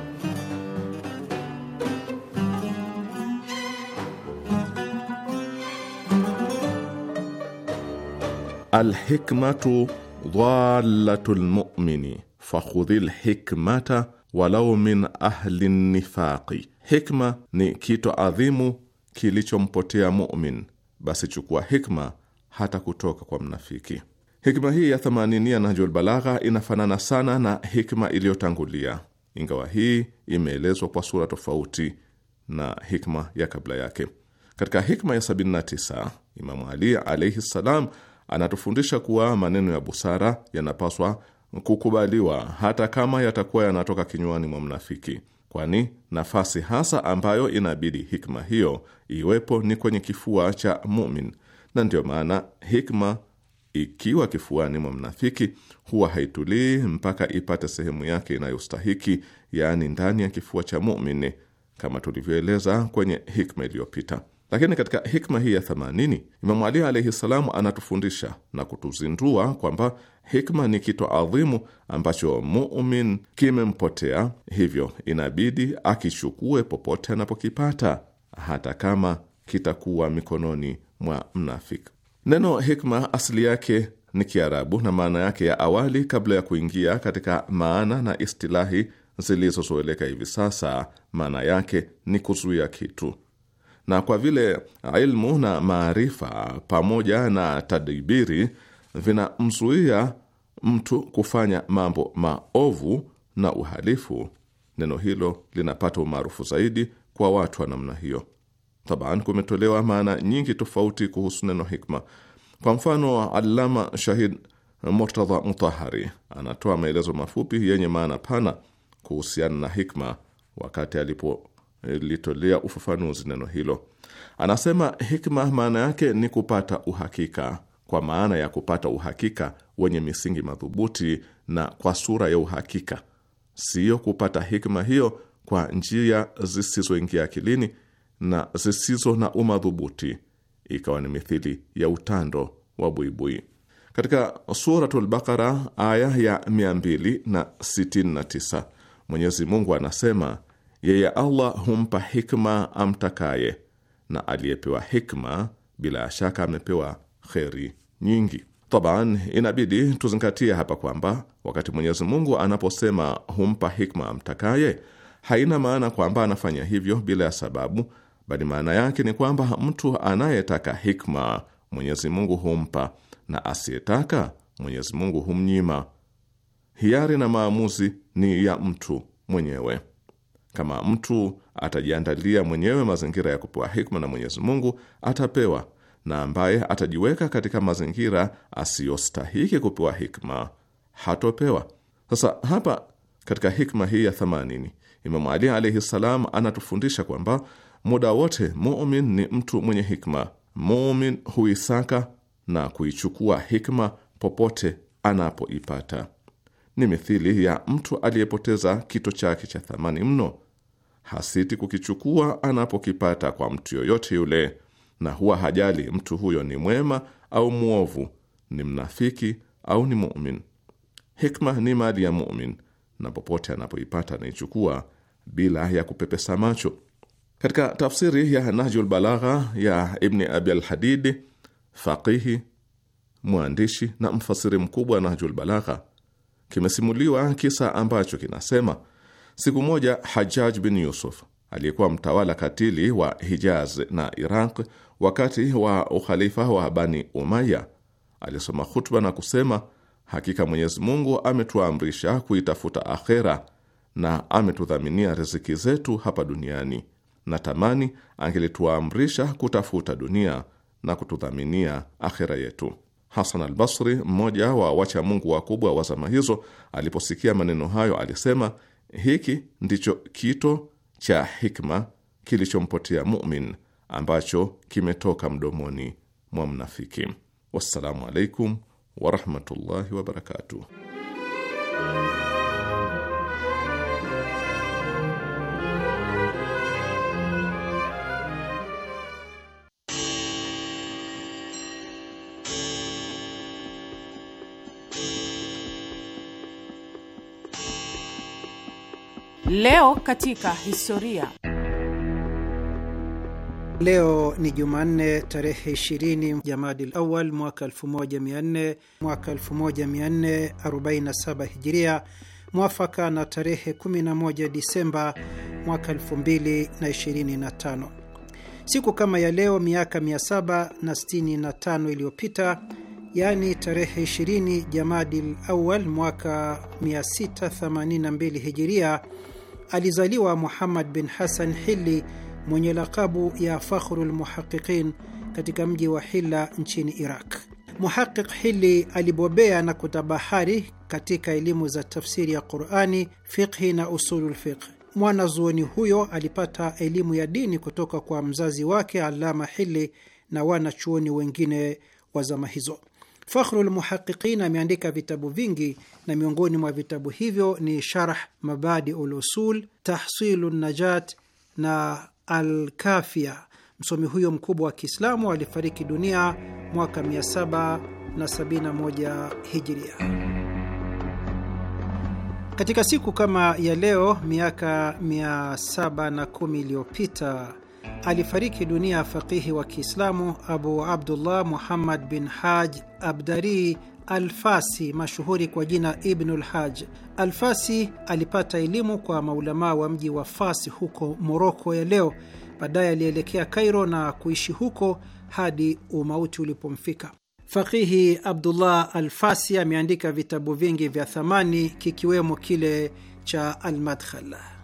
Alhikmatu dalatu lmumini fakhudhi lhikmata walau min ahli nifaqi Hikma ni kito adhimu kilichompotea mumin, basi chukua hikma hata kutoka kwa mnafiki. Hikma hii ya themanini ya Nahjul Balagha inafanana sana na hikma iliyotangulia, ingawa hii imeelezwa kwa sura tofauti na hikma ya kabla yake. Katika hikma ya 79 Imamu Ali alaihi ssalam anatufundisha kuwa maneno ya busara yanapaswa kukubaliwa hata kama yatakuwa yanatoka kinywani mwa mnafiki kwani nafasi hasa ambayo inabidi hikma hiyo iwepo ni kwenye kifua cha mumin, na ndiyo maana hikma ikiwa kifuani mwa mnafiki huwa haitulii mpaka ipate sehemu yake inayostahiki, yaani ndani ya kifua cha mumin, kama tulivyoeleza kwenye hikma iliyopita. Lakini katika hikma hii ya 80 Imamu Ali alaihi salamu anatufundisha na kutuzindua kwamba hikma ni kitu adhimu ambacho mumin kimempotea, hivyo inabidi akichukue popote anapokipata, hata kama kitakuwa mikononi mwa mnafik Neno hikma asili yake ni Kiarabu na maana yake ya awali, kabla ya kuingia katika maana na istilahi zilizozoeleka hivi sasa, maana yake ni kuzuia kitu na kwa vile ah, ilmu na maarifa pamoja na tadibiri vinamzuia mtu kufanya mambo maovu na uhalifu, neno hilo linapata umaarufu zaidi kwa watu wa namna hiyo. Taban, kumetolewa maana nyingi tofauti kuhusu neno hikma. Kwa mfano, Allama Shahid Murtadha Mutahari anatoa maelezo mafupi yenye maana pana kuhusiana na hikma wakati alipo ilitolea ufafanuzi neno hilo. Anasema hikma maana yake ni kupata uhakika, kwa maana ya kupata uhakika wenye misingi madhubuti na kwa sura ya uhakika, siyo kupata hikma hiyo kwa njia zisizoingia akilini na zisizo na umadhubuti, ikawa ni mithili ya utando wa buibui. Katika Suratul Bakara aya ya 269 Mwenyezi Mungu anasema yeye Allah humpa hikma amtakaye, na aliyepewa hikma bila shaka amepewa kheri nyingi. Taban, inabidi tuzingatie hapa kwamba wakati Mwenyezi Mungu anaposema humpa hikma amtakaye, haina maana kwamba anafanya hivyo bila ya sababu, bali maana yake ni kwamba mtu anayetaka hikma Mwenyezi Mungu humpa na asiyetaka Mwenyezi Mungu humnyima. Hiari na maamuzi ni ya mtu mwenyewe. Kama mtu atajiandalia mwenyewe mazingira ya kupewa hikma na Mwenyezi Mungu atapewa, na ambaye atajiweka katika mazingira asiyostahiki kupewa hikma hatopewa. Sasa hapa katika hikma hii ya themanini Imamu Ali alaihi ssalam anatufundisha kwamba muda wote mumin ni mtu mwenye hikma. Mumin huisaka na kuichukua hikma popote anapoipata. Ni mithili ya mtu aliyepoteza kito chake cha thamani mno hasiti kukichukua anapokipata kwa mtu yoyote yule, na huwa hajali mtu huyo ni mwema au mwovu, ni mnafiki au ni mumin. Hikma ni mali ya mumin, na popote anapoipata anaichukua bila ya kupepesa macho. Katika tafsiri ya Nahjul Balagha ya Ibni Abi Alhadidi, faqihi, mwandishi na mfasiri mkubwa wa Nahjul Balagha, kimesimuliwa kisa ambacho kinasema Siku moja Hajjaj bin Yusuf aliyekuwa mtawala katili wa Hijaz na Iraq wakati wa ukhalifa wa Bani Umaya alisoma khutba na kusema, hakika Mwenyezi Mungu ametuamrisha kuitafuta akhera na ametudhaminia riziki zetu hapa duniani, na tamani angelituamrisha kutafuta dunia na kutudhaminia akhera yetu. Hasan al Basri, mmoja wa wachamungu wakubwa wa zama hizo, aliposikia maneno hayo alisema hiki ndicho kito cha hikma kilichompotea mumin ambacho kimetoka mdomoni mwa mnafiki. Wassalamu alaikum warahmatullahi wabarakatuh. Leo katika historia. Leo ni Jumanne tarehe 20 Jamadil Awal mwaka 1400 mwaka 1447 Hijiria, mwafaka na tarehe 11 Disemba mwaka 2025. Siku kama ya leo miaka 765 iliyopita, yaani tarehe 20 Jamadil Awal mwaka 682 Hijiria alizaliwa Muhammad bin Hasan Hilli mwenye lakabu ya Fakhru lmuhaqiqin katika mji wa Hilla nchini Iraq. Muhaqiq Hili alibobea na kutabahari katika elimu za tafsiri ya Qurani, fiqhi na usulul fiqh. Mwanazuoni huyo alipata elimu ya dini kutoka kwa mzazi wake Alama Hili na wanachuoni wengine wa zama hizo. Fakhrul Muhaqiqin ameandika vitabu vingi na miongoni mwa vitabu hivyo ni Sharh Mabadiul Usul, Tahsilu Najat na Alkafia. Msomi huyo mkubwa wa Kiislamu alifariki dunia mwaka 771 Hijiria. Katika siku kama ya leo miaka 710 iliyopita alifariki dunia faqihi wa Kiislamu Abu Abdullah Muhammad bin Haj Abdari Alfasi, mashuhuri kwa jina Ibnul Haj. Alfasi alipata elimu kwa maulamaa wa mji wa Fasi huko Moroko ya leo. Baadaye alielekea Kairo na kuishi huko hadi umauti ulipomfika. Fakihi Abdullah Alfasi ameandika vitabu vingi vya thamani kikiwemo kile cha Almadkhala.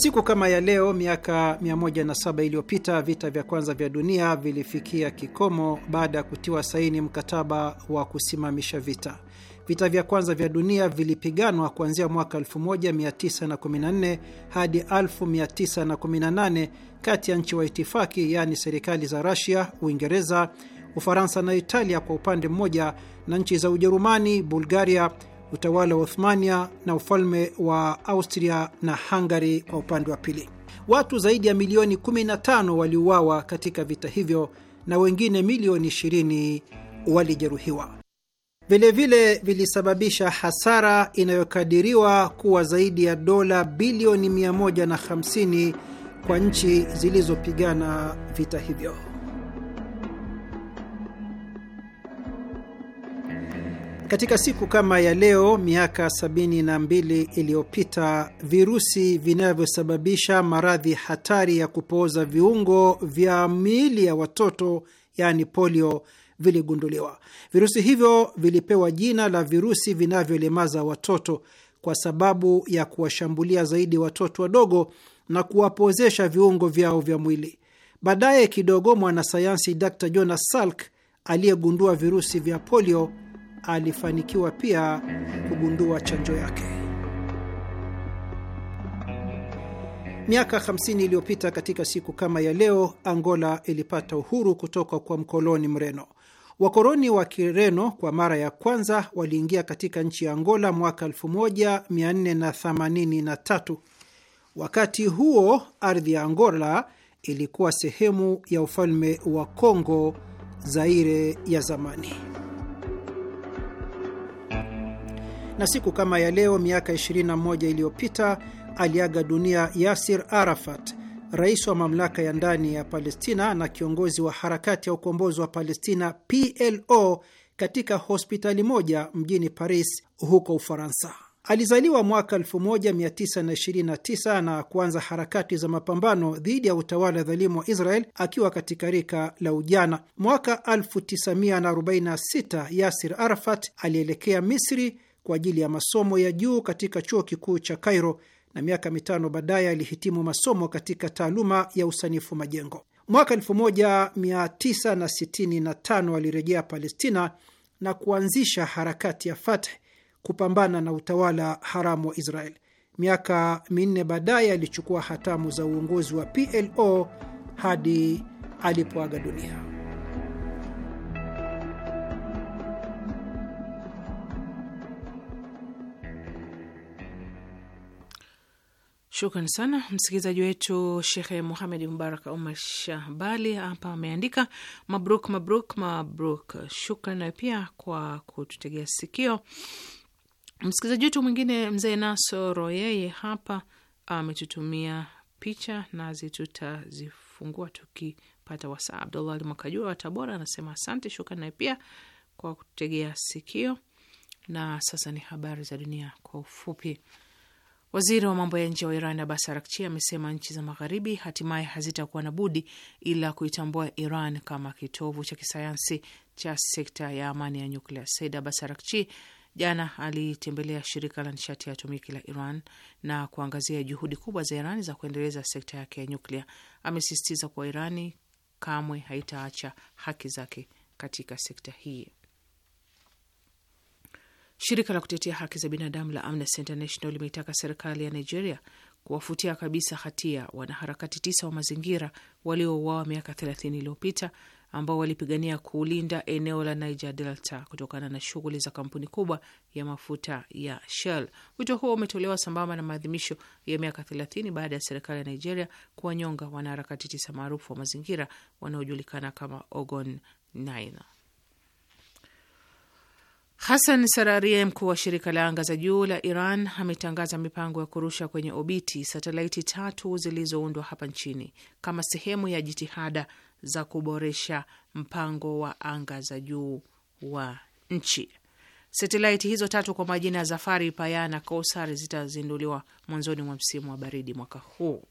Siku kama ya leo miaka 107 iliyopita vita vya kwanza vya dunia vilifikia kikomo baada ya kutiwa saini mkataba wa kusimamisha vita. Vita vya kwanza vya dunia vilipiganwa kuanzia mwaka 1914 hadi 1918 kati ya nchi wa itifaki, yaani serikali za Rasia, Uingereza, Ufaransa na Italia kwa upande mmoja na nchi za Ujerumani, Bulgaria, utawala wa Uthmania na ufalme wa Austria na Hungary kwa upande wa pili. Watu zaidi ya milioni 15 waliuawa katika vita hivyo na wengine milioni 20 walijeruhiwa. Vilevile vilisababisha hasara inayokadiriwa kuwa zaidi ya dola bilioni 150 kwa nchi zilizopigana vita hivyo. Katika siku kama ya leo miaka 72 iliyopita virusi vinavyosababisha maradhi hatari ya kupooza viungo vya miili ya watoto yaani polio viligunduliwa. Virusi hivyo vilipewa jina la virusi vinavyolemaza watoto kwa sababu ya kuwashambulia zaidi watoto wadogo na kuwapozesha viungo vyao vya mwili. Baadaye kidogo, mwanasayansi Dr Jonas Salk aliyegundua virusi vya polio alifanikiwa pia kugundua chanjo yake. Miaka 50 iliyopita katika siku kama ya leo, Angola ilipata uhuru kutoka kwa mkoloni Mreno. Wakoloni wa Kireno kwa mara ya kwanza waliingia katika nchi ya Angola mwaka 1483. Wakati huo ardhi ya Angola ilikuwa sehemu ya ufalme wa Kongo Zaire ya zamani. na siku kama ya leo miaka 21 iliyopita aliaga dunia Yasir Arafat, rais wa mamlaka ya ndani ya Palestina na kiongozi wa harakati ya ukombozi wa Palestina PLO katika hospitali moja mjini Paris huko Ufaransa. Alizaliwa mwaka 1929 na kuanza harakati za mapambano dhidi ya utawala dhalimu wa Israel akiwa katika rika la ujana. Mwaka 1946 Yasir Arafat alielekea Misri kwa ajili ya masomo ya juu katika chuo kikuu cha Cairo na miaka mitano baadaye alihitimu masomo katika taaluma ya usanifu majengo. Mwaka 1965 alirejea Palestina na kuanzisha harakati ya Fatah kupambana na utawala haramu wa Israel. Miaka minne baadaye alichukua hatamu za uongozi wa PLO hadi alipoaga dunia. Shukran sana msikilizaji wetu Shekhe Muhamed Mubarak umar Shahbali hapa ameandika mabruk, mabruk, mabruk. Shukran nayo pia kwa kututegea sikio. Msikilizaji wetu mwingine mzee Nasoro, yeye hapa ametutumia picha nazi, tutazifungua tukipata wasaa. Abdullah Ali Mwakajua wa Tabora anasema asante. Shukran nayo pia kwa kututegea sikio, na sasa ni habari za dunia kwa ufupi. Waziri wa mambo ya nje wa Iran Abbas Arakchi amesema nchi za Magharibi hatimaye hazitakuwa na budi ila kuitambua Iran kama kitovu cha kisayansi cha sekta ya amani ya nyuklia. Said Abbas Arakchi jana alitembelea shirika la nishati ya atomiki la Iran na kuangazia juhudi kubwa za Irani za kuendeleza sekta yake ya nyuklia. Amesisitiza kuwa Irani kamwe haitaacha haki zake katika sekta hii. Shirika la kutetea haki za binadamu la Amnesty International limeitaka serikali ya Nigeria kuwafutia kabisa hatia wanaharakati tisa wa mazingira waliouawa miaka 30 iliyopita ambao walipigania kulinda eneo la Niger Delta kutokana na shughuli za kampuni kubwa ya mafuta ya Shell. Wito huo umetolewa sambamba na maadhimisho ya miaka 30 baada ya serikali ya Nigeria kuwanyonga wanaharakati tisa maarufu wa mazingira wanaojulikana kama Ogon 9. Hasan Sararie, mkuu wa shirika la anga za juu la Iran, ametangaza mipango ya kurusha kwenye obiti satelaiti tatu zilizoundwa hapa nchini kama sehemu ya jitihada za kuboresha mpango wa anga za juu wa nchi. Satelaiti hizo tatu kwa majina ya Zafari, Paya na zitazinduliwa mwanzoni mwa msimu wa baridi mwaka huu.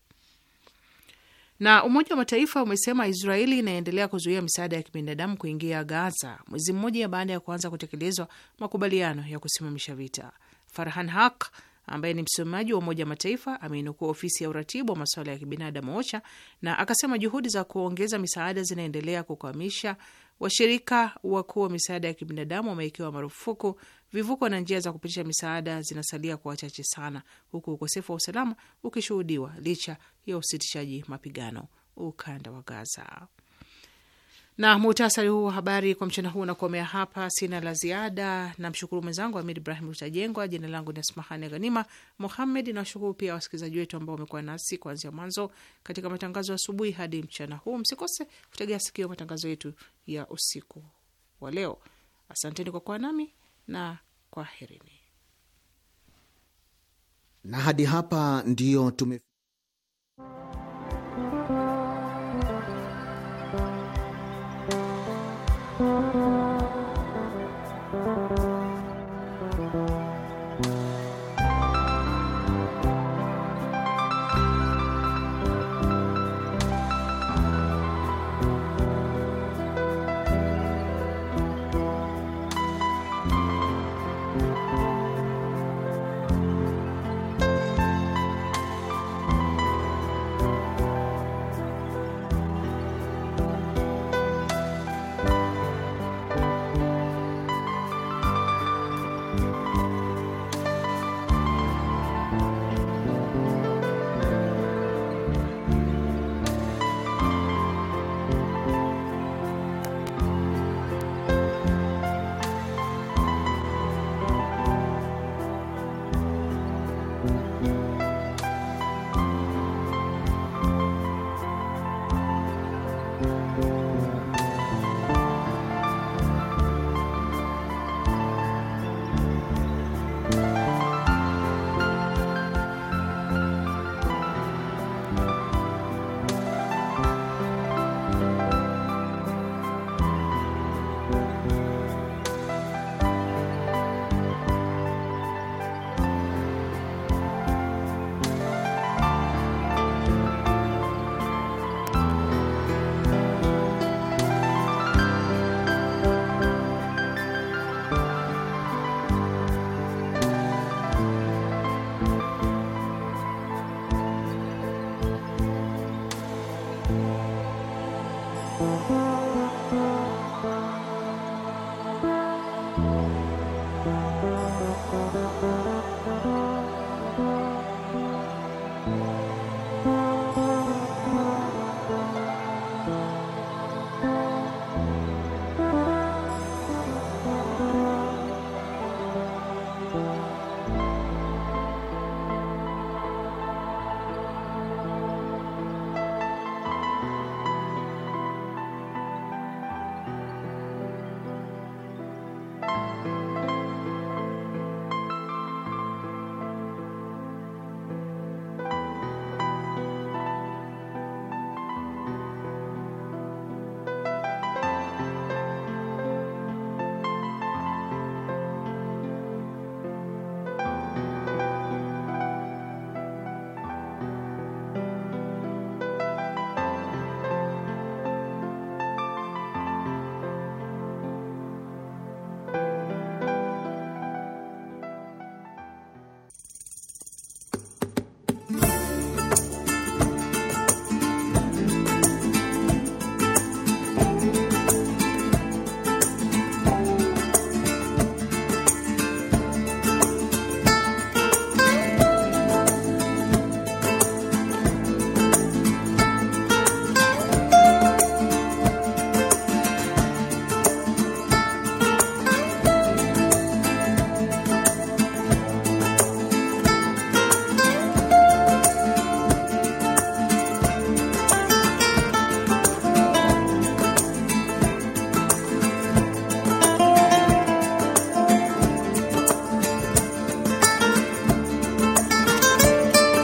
Na Umoja wa Mataifa umesema Israeli inaendelea kuzuia misaada ya kibinadamu kuingia Gaza mwezi mmoja baada ya kuanza kutekelezwa makubaliano ya kusimamisha vita. Farhan Haq ambaye ni msemaji wa Umoja wa Mataifa ameinukua ofisi ya uratibu wa masuala ya kibinadamu OCHA na akasema juhudi za kuongeza misaada zinaendelea kukwamisha. Washirika wakuu wa misaada ya kibinadamu wamewekewa marufuku Vivuko na njia za kupitisha misaada zinasalia kwa wachache sana, huku ukosefu wa usalama ukishuhudiwa licha ya usitishaji mapigano ukanda wa Gaza. Na muhtasari huu wa habari kwa mchana huu unakomea hapa. Sina la ziada, namshukuru mwenzangu Amid Ibrahim Utajengwa. Jina langu ni Asmahani Ghanima Mohammed. Nawashukuru pia wasikilizaji wetu ambao wamekuwa nasi kuanzia mwanzo katika matangazo ya asubuhi hadi mchana huu. Msikose kutegea sikio matangazo yetu ya usiku wa leo. Asanteni kwa kuwa nami na kwaherini. Na hadi hapa ndiyo tume Thank you.